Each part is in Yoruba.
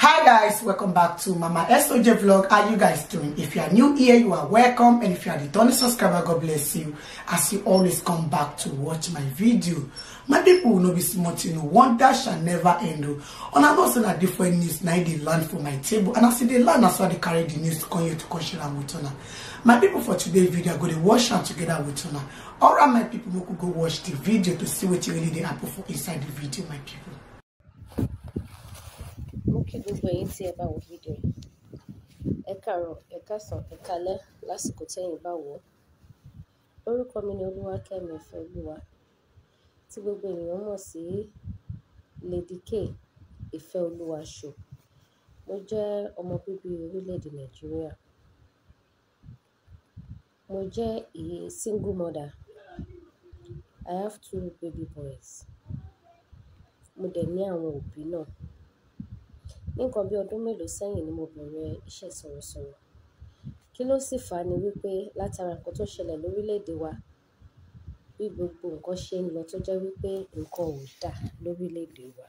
hi guys welcome back to mama soj vlog how you guys doing if you are new here you are welcome and if you are the returning subscriber god bless you as you always come back to watch my video my people will not be smarting. you know one that shall never end oh. and i know say different news Now they land for my table and as e dey land na so i carry the news come here to come share am with una my people for today's video go to wash am together with una all right my people make we go watch the video to see what you really dey happen for inside the video my people kí gbogbo ẹ̀yin tí ẹ bá wo fídíò yìí ẹ káàárọ̀ ẹ káàsán ẹ káalẹ́ lásìkò tẹ́yin bá wò ó orúkọ mi ni Olúwakẹ́mi Ìfẹ́olúwa tí gbogbo ènìyàn mọ̀ sí Lady K Ìfẹ́olúwa show mo jẹ́ ọmọ bíbí orílẹ̀-èdè Nàìjíríà mo jẹ́ a single mother I have two baby boys mo dẹ̀ ní àwọn òbí náà. Ní nǹkan bí ọdún mélòó sẹ́yìn ni mo bẹ̀rẹ̀ iṣẹ́ sọ̀rọ̀sọ̀rọ̀. Kí ló sì fàá ni wípé látara nǹkan tó ṣẹlẹ̀ lórílẹ̀ èdè wa, bí gbogbo nǹkan ṣe ń lọ tó jẹ́ wípé nǹkan ò dá lórílẹ̀ èdè wa.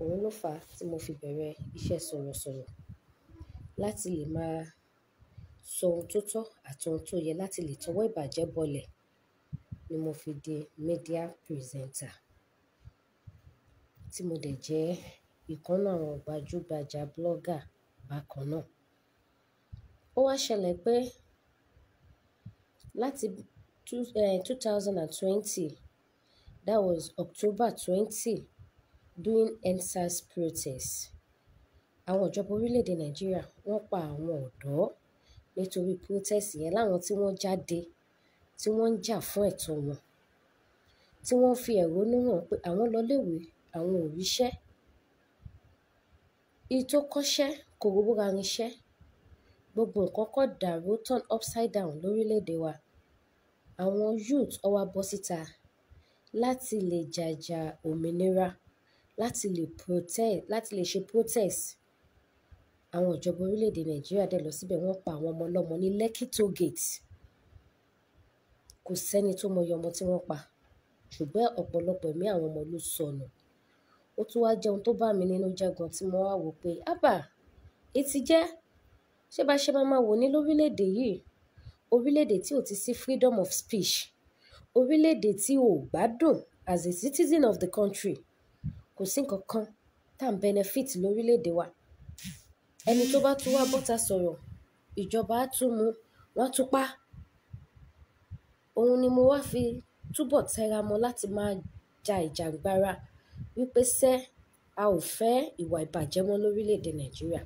Òun ló fàá tí mo fi bẹ̀rẹ̀ iṣẹ́ sọ̀rọ̀sọ̀rọ̀ láti lè máa sọ ohun tó tọ́ àti ohun tó yẹ láti lè tọwọ́ ìbàjẹ́ bọlẹ̀ ni mo fi di media presenter tí mo dẹ̀ jẹ́ ìkan nínú àwọn gbajúgbajà blogger bákan náà. Ó wá ṣẹlẹ̀ pé láti two, eh, thousand and twenty. that was October 20, during Endsars protest, àwọn ìjọba orílẹ̀-èdè Nàìjíríà wọ́n pa àwọn ọ̀dọ́ nítorí protest yẹn láwọn tí wọ́n jáde tí wọ́n ń jà fún ẹ̀tọ́ wọn, tí wọ́n fi ẹ̀hónú hàn pé àwọn lọ iléèwé àwọn ò ríṣẹ́. Èyí tó kọ́ṣẹ́ kò rówó ra irinṣẹ́. Gbogbo nǹkan kàn dàrú turn upside down lórílẹ̀-èdè wa. Àwọn youth ọ wá bọ́ síta láti lè jàjà òmìnira, láti lè protest, láti lè ṣe protest. Àwọn ìjọba orílẹ̀-èdè Nàìjíríà dẹ̀ lọ síbẹ̀ wọ́n pa àwọn ọmọ ọlọ́mọ ní Lekki toll gate. Kò sẹ́ni tó mọ ọmọ tí wọ́n pa, ṣùgbọ́n ọ̀pọ̀lọpọ̀ ẹ̀mí àwọn ọmọ ló sọnù ó tún wá jẹ́ ohun tó bà mí nínú jẹ́ gan tí mo wá wò pé hábà etí jẹ́ ṣé bá ṣe máa máa wò ní lórílẹ̀ yìí orílẹ̀ tí ò ti sí freedom of speech orílẹ̀‐èdè tí ò gbádùn as a citizen of the country kò sí nǹkan kan tá à benefit lórílẹ̀‐èdè wa ẹni tó bá tún wá bọ́ta sọ̀rọ̀ ìjọba á tún mú wọ́n tún pa òun ni mo wá fi túbọ̀ tẹra láti máa ja ìjàngbara wípé ṣé a ò fẹ́ ìwà ìbàjẹ́ mọ́ lórílẹ̀‐èdè nàìjíríà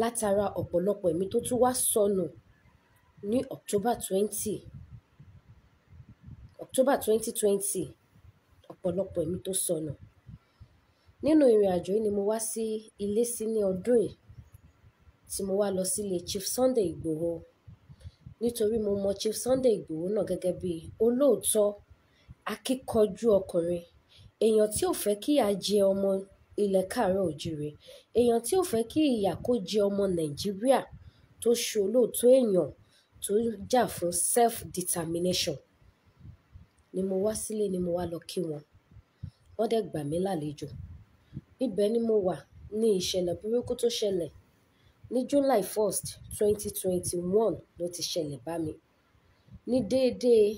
látara ọ̀pọ̀lọpọ̀ ẹ̀mí tó tún wá sọnù ní october twenty october twenty twenty ọ̀pọ̀lọpọ̀ ẹ̀mí tó sọnù nínú ìrìn àjò yìí ni mo wá sí ilé sí ní ọdún yìí tí mo wá lọ sílé Chief Sunday Igboho nítorí mo mọ Chief Sunday Igboho náà gẹ́gẹ́ bí olóòótọ́ akíkanjú ọkùnrin èèyàn tí ò fẹ́ kí ìyà jẹ ọmọ ilẹ̀ káàárọ̀ òjíire èèyàn tí ò fẹ́ kí ìyà kó jẹ ọmọ nàìjíríà tó ṣe èèyàn tó jà fún self determination ni mo wá sílé ni mo wá lọ kí wọn wọ́n dẹ̀ gbà mí lálejò ibẹ̀ ni mo wà ní ìṣẹ̀lẹ̀ burúkú tó ṣẹlẹ̀ ní july 1st 2021 ló ti ṣẹlẹ̀ bá mi ní déédéé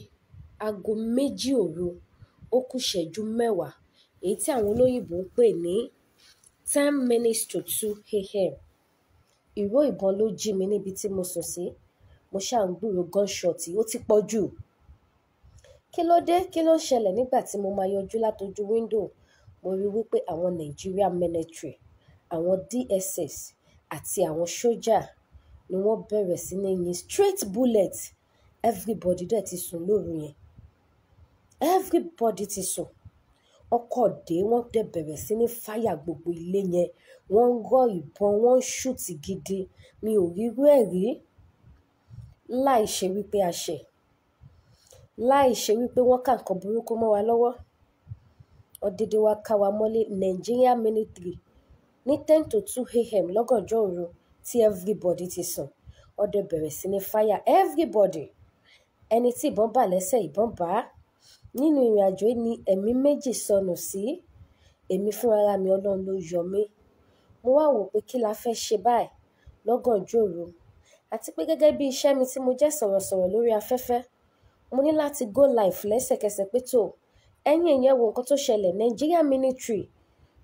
aago méjì òru ó kù ìṣẹ́jú mẹ́wàá èyí tí àwọn olóyìnbó ń pè ní ten minutes to two a.m. Ìró ìbọn ló jí mi níbi tí mo sùn sí. Mo ṣáà ń gbúròó gunshot ó ti pọ̀ jù. Kí ló dé? Kí ló ń ṣẹlẹ̀ nígbà tí mo máa yọjú látojú window? Mo rí i wípé àwọn Nigeria military, àwọn DSS àti àwọn sójà ni wọ́n bẹ̀rẹ̀ sí ní yin straight bullet. Everybody dẹ̀ ti sùn lóru yẹn everybody ti sùn ọkọ̀ dé wọ́n dẹ̀ bẹ̀rẹ̀ sí ní fáyà gbogbo ilé yẹn wọ́n ń rọ ìbọn wọ́n ń ṣùtì gidi mi ò rírú ẹ̀ rí láì ṣe wípé a ṣẹ̀ láì ṣe wípé wọ́n kà nǹkan burúkú mọ́ wa lọ́wọ́ ọ̀dẹ̀dẹ̀ wa ká wa mọ́lé Nigeria military ní ten to two a.m. lọ́gànjọ́ òru tí everybody ti sùn ọdẹ bẹ̀rẹ̀ sí ní fáyà everybody ẹni tí ìbọn bà lẹ́sẹ̀ ìbọn bàá nínú ìrìnàjò yìí ni ẹ̀mí méjì sọnù sí èmi fúnra mi ọlọ́run ló yọ mí mo wá wò pé kí la fẹ́ ṣe báyìí lọ́gànjọ́ òru àti pé gẹ́gẹ́ bí iṣẹ́ mi tí mo jẹ́ sọ̀rọ̀sọ̀rọ̀ lórí afẹ́fẹ́ mo ní láti go live lẹ́sẹ̀kẹsẹ̀ pé tó ẹ̀yìn ìyẹn wo nǹkan tó ṣẹlẹ̀ Nigeria military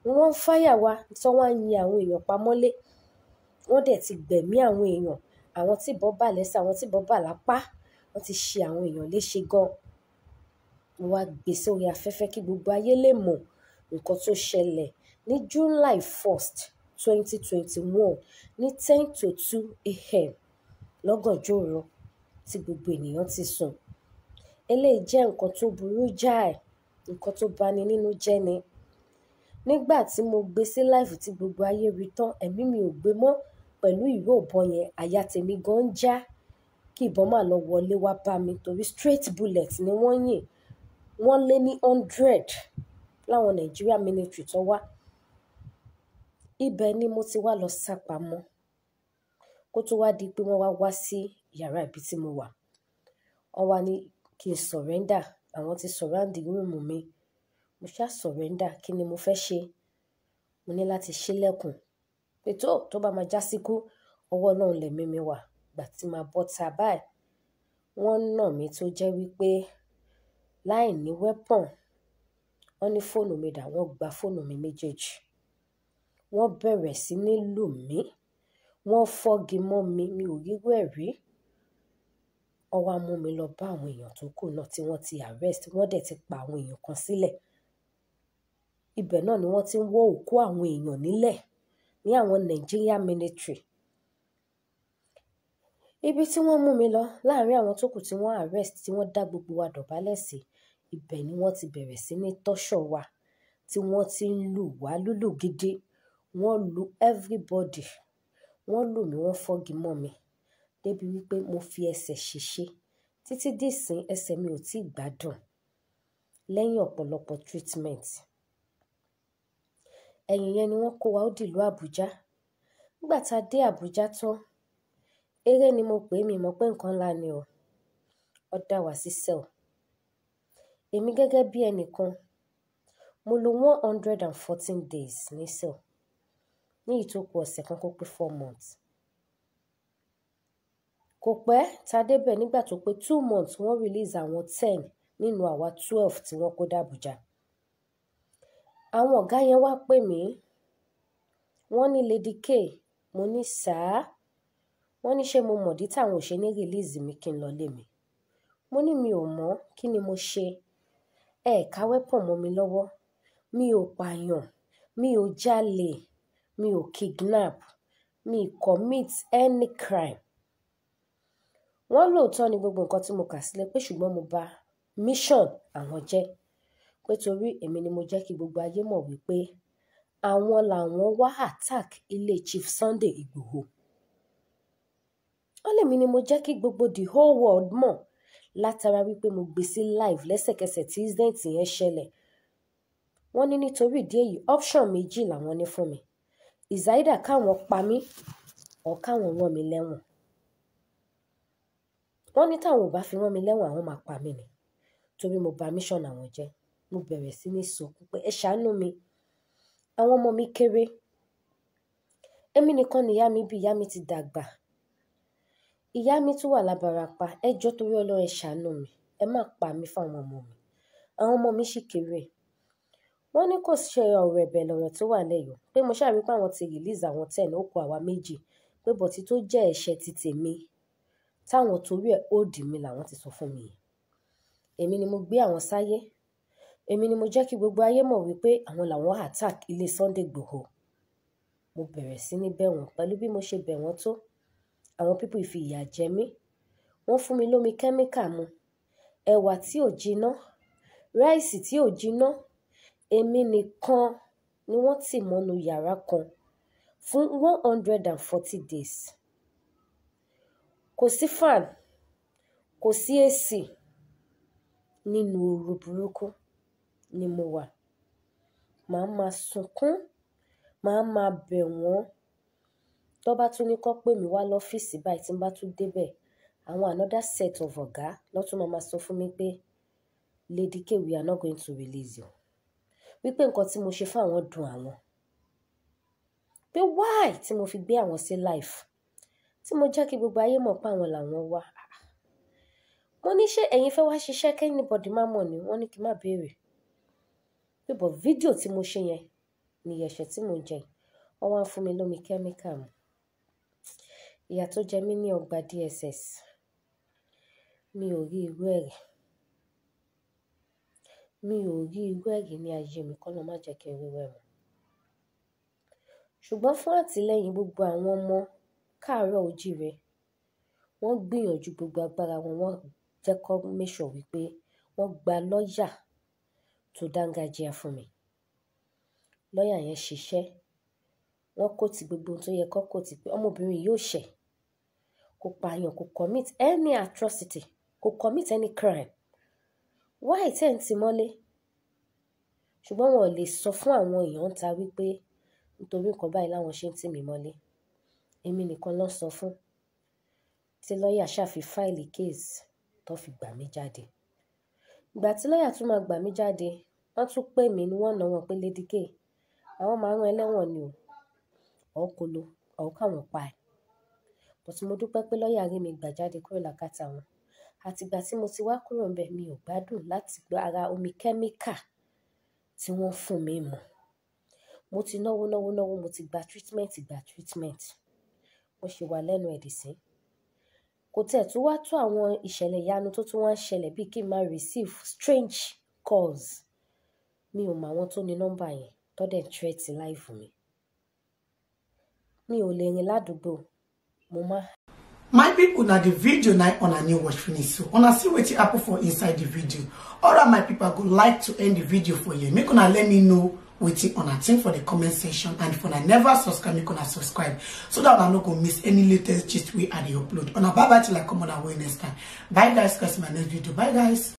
ni wọ́n ń fáyà wa tí wọ́n ń yin àwọn èèyàn pamọ́lé wọ́n dẹ̀ ti gbẹ̀mí àwọn èèyàn àwọn tí ìbọn bà lẹ́sẹ̀ àwọn tí ìbọn bà lápá wọ́n ti ṣe àwọn èèyàn léṣe gan-an wọ́n wá gbé sórí afẹ́fẹ́ kí gbogbo ayé lè mọ̀ nǹkan tó ṣẹlẹ̀ ní July 1st 2021 ní 10 to 2 a.m. lọ́gànjọ́ òru tí gbogbo ènìyàn ti sùn. eléyìí jẹ́ nǹkan tó burú jáì nǹkan tó bani nínú jẹ́ ni. nígbà tí mo gbé sí láìfù tí gbogbo ayé rí tán ẹ̀mí mi ò gbé mọ́ pẹ̀lú ìró ìbọn yẹn àyà tèmi gan ń já kí ìbọn má lọ wọlé wá bá mi torí straight bullet ni wọ́n yìn wọ́n lé ní hundred láwọn Nigeria military tó wá. Ibẹ̀ ni mo ti wá lọ sá pamọ́ kó tó wá di pé wọ́n wá wá sí yàrá ibi tí mo wà. Wọ́n wá ní kí n surrender àwọn ti surround room mi. Mo ṣá surrender kí ni mo fẹ́ ṣe? Mo ní láti ṣílẹ̀kùn pé tó tó bá máa jásíkú ọwọ́ Ọlọ́run lẹ̀mí mi wà gbà tí máa bọ́ta báyìí. Wọ́n nà mí tó jẹ́ wípé láì ní weapon. Wọ́n ní fóònù mi dà, wọ́n gba fóònù mi méjèèjì. Wọ́n bẹ̀rẹ̀ sí ní lù mí. Wọ́n fọ́gi mọ́ mi, mi ò ríru ẹ̀ rí. Wọ́n mi lọ bá àwọn èèyàn tó kù náà tí wọ́n ti arrest, wọ́n dẹ̀ ti pa àwọn èèyàn kan sílẹ̀. Ibẹ̀ náà ni wọ́n ti ń wọ́ òkú àwọn èèyàn nílẹ̀ ní àwọn Nigerian Ministry Ibi tí wọ́n mú mi lọ láàárín àwọn tó kù tí wọ́n arrest, tí wọ́n dá gbogbo wa dọ̀bálẹ̀ sí, ibẹ̀ ni wọ́n ti bẹ̀rẹ̀ sí ní tọ́ṣọ̀ wa tí wọ́n ti ń lù wá lùlù gidi wọ́n lu everybody wọ́n lù mí wọ́n fọ́gi mọ́ mi débi wípé mo fi ẹsẹ̀ ṣèṣe títí dìsín ẹsẹ̀ mi ò tí gbádùn lẹ́yìn ọ̀pọ̀lọpọ̀ treatment ẹ̀yìn yẹn ni wọ́n kó wa ó dìlú Àbújá nígbà tá a dé Àbújá tán eré ni mo pè é mi mọ̀ pé nǹkan ńlá ni o ó dá wa sí cell Èmi gẹ́gẹ́ bí ẹni kan, mo lo one hundred and fourteen days ní sẹ́ẹ̀l, ní èyí tó kù ọ̀sẹ̀ kan kó pé four months. Kò pẹ́, ta dé bẹ̀ nígbà tó pé two months wọ́n release àwọn ten nínú àwa twelve tí wọ́n kó dà Abuja. Àwọn ọ̀gá yẹn wá pè mí, wọ́n ní Lady K, mo ní "sir". Wọ́n ní ṣé mo mọ̀ dí tí àwọn release mi kí n lọlé mi. Mo ní mi ò mọ̀, kí ni mo ṣe? ẹ ká weapon mọ́ mi lọ́wọ́. Mi ò pààyàn, mi ò jalè, mi ò kidnap, mi commit any crime. Wọ́n lóòótọ́ ni gbogbo nǹkan tí mo kà sílẹ̀ pé ṣùgbọ́n mo ba mission àwọn jẹ́ pé torí èmi ni mo jẹ́ kí gbogbo ayé mọ̀ wípé àwọn làwọn wá attack ilé Chief Sunday Igboho. Ó lèmi ni mo jẹ́ kí gbogbo the whole world mọ̀ látara wípé mo gbé sí live lẹ́sẹ̀kẹsẹ̀ tí incident yẹn ṣẹlẹ̀ wọ́n ní nítorí ìdí èyí option méjì làwọn ní fún mi ìzáídà káwọn pa mí ọ̀ wọ́n mi lẹ́wọ̀n wọ́n ní táwọn ò bá fi wọ́n mi lẹ́wọ̀n àwọn máa pa mí ni torí mo ba mission àwọn jẹ́ mo bẹ̀rẹ̀ sí ní sọkún pé ẹ ṣàánú mi àwọn ọmọ mi kéré èmi nìkan nìyá mi bí ìyá mi ti dàgbà ìyá mi tún wà lábarapá ẹ jọ̀ọ́ torí ọlọ́run ẹ ṣàánú mi ẹ má pa mí fáwọn ọmọ mi àwọn ọmọ mi sì kéré wọ́n ní kò ṣe ọ̀rọ̀ ẹ̀bẹ̀ lọ̀rọ̀ tó wà lẹ́yọ̀ pé mo ṣàrí pé àwọn ti release àwọn ten ó kó àwa méjì pé bọ̀tí tó jẹ́ ẹ̀ṣẹ̀ ti tèmi táwọn torí ẹ̀ ó dì mí làwọn ti sọ fún mi yẹn èmi ni mo gbé àwọn sáyé èmi ni mo jẹ́ kí gbogbo ayé mọ̀ wípé àwọn làwọn attack ilé Sunday Igboho mo bẹ̀rẹ̀ sí ní bẹ̀ wọ́n pẹ̀lú bí mo ṣe bẹ̀ wọ́n tó àwọn pípọ̀ ìfi ìyà jẹ mí wọ́n fún mi lómi kẹ́míkà mu ẹ̀wà tí ò jiná ráìsì tí ò jiná èmi nìkan ni wọ́n tì mọ́nu yàrá kan fún one hundred and forty days kò sí fan kò sí AC nínú ooru burúkú ni mo wà màá máa sunkún màá máa bẹ̀ wọ́n tó bá tún ní kó pè mí wá lọ́fíìsì báyìí tí n bá tún débẹ̀ àwọn another set of ọ̀gá ló tún máa sọ fún mi pé Lady K we are not going to release you wípé nǹkan tí mo ṣe fún àwọn dùn àwọn pé why tí mo fi gbé àwọn sí life tí mo jẹ́ kí gbogbo ayé mọ̀ pé àwọn làwọn wá mo ní ṣé ẹ̀yin fẹ́ wá ṣiṣẹ́ kẹ́nìbọ̀dì má mọ̀ ni wọ́n ní kí n má béèrè pé bọ̀ fídíò tí mo ṣe yẹn ni ẹ̀ṣẹ̀ tí mo jẹ wọ́n wá fún mi lómi kẹ́míkà mu ìyà tó jẹ mí ní ọgbà DSS mi ò rí irú ẹ̀ mi ò rí irú ẹ̀ rí ní ayé mi kọ́ ló má jẹ́ kí n rí irú ẹ̀ mọ́ ṣùgbọ́n fún àtìlẹ́yìn gbogbo àwọn ọmọ káàárọ̀ ojíire wọ́n gbìyànjú gbogbo agbára wọn wọ́n jẹ́ kó mẹ́sọ̀ wípé wọ́n gba lọ́ọ̀yà tó dáńgájíá fún mi lọ́ọ̀yà yẹn ṣiṣẹ́ wọ́n kó ti gbogbo ohun tó yẹ kó kó ti pé ọmọbìnrin yìí ṣẹ̀ kò pààyàn kò commit any atrocity kò commit any crime why tẹ̀ ń ti mọ́lé ṣùgbọ́n wọn ò lè sọ fún àwọn èèyàn ta wípé nítorí nǹkan báyìí láwọn ṣe ń tì mí mọ́lé èmi nìkan ló sọ fún tí lọ́ọ̀yà ṣàfi fáìlì kéèsì tó fi gbà mí jáde ìgbà tí lọ́ọ̀yà tún máa gbà mí jáde wọ́n tún pè mí ní wọ́n ná wọn pé lédíkè àwọn máa ń rán ẹlẹ́wọ̀n ni o ọ̀ọ́ kó lo ọ̀ọ́ káwọn pa ẹ̀ bọ̀tí mo dúpẹ́ pé lọ́ọ̀yà rí mi gbà jáde kúrò lákàtà wọn àtìgbà tí mo ti wá kúrò ńbẹ̀ mi ò gbádùn láti gba ara omi kẹ́míkà tí wọ́n fún mi mu mo ti náwó náwó náwó mo ti gba treatment gba treatment mo ṣì wà lẹ́nu ẹ̀dì sí kò tẹ̀ tó wá tó àwọn ìṣẹ̀lẹ̀ ìyanu tó tún wá ń ṣẹlẹ̀ bíi kí n máa receive strange calls mi ò mọ àwọn tó ní nọ́mbà yẹn tọ́dẹ̀ threat life mi mi ò lè rìn ládùúgbò moma my people, na the video na on a new watch finish so una see wetin happen for inside the video All alright my people, i go like to end the video for you make una let me know wetin una think for the comment section and if una never subscribe make una subscribe so that una no go miss any latest gist wey i dey upload una bye bye till i come on our way next time bye guys guys my next video bye guys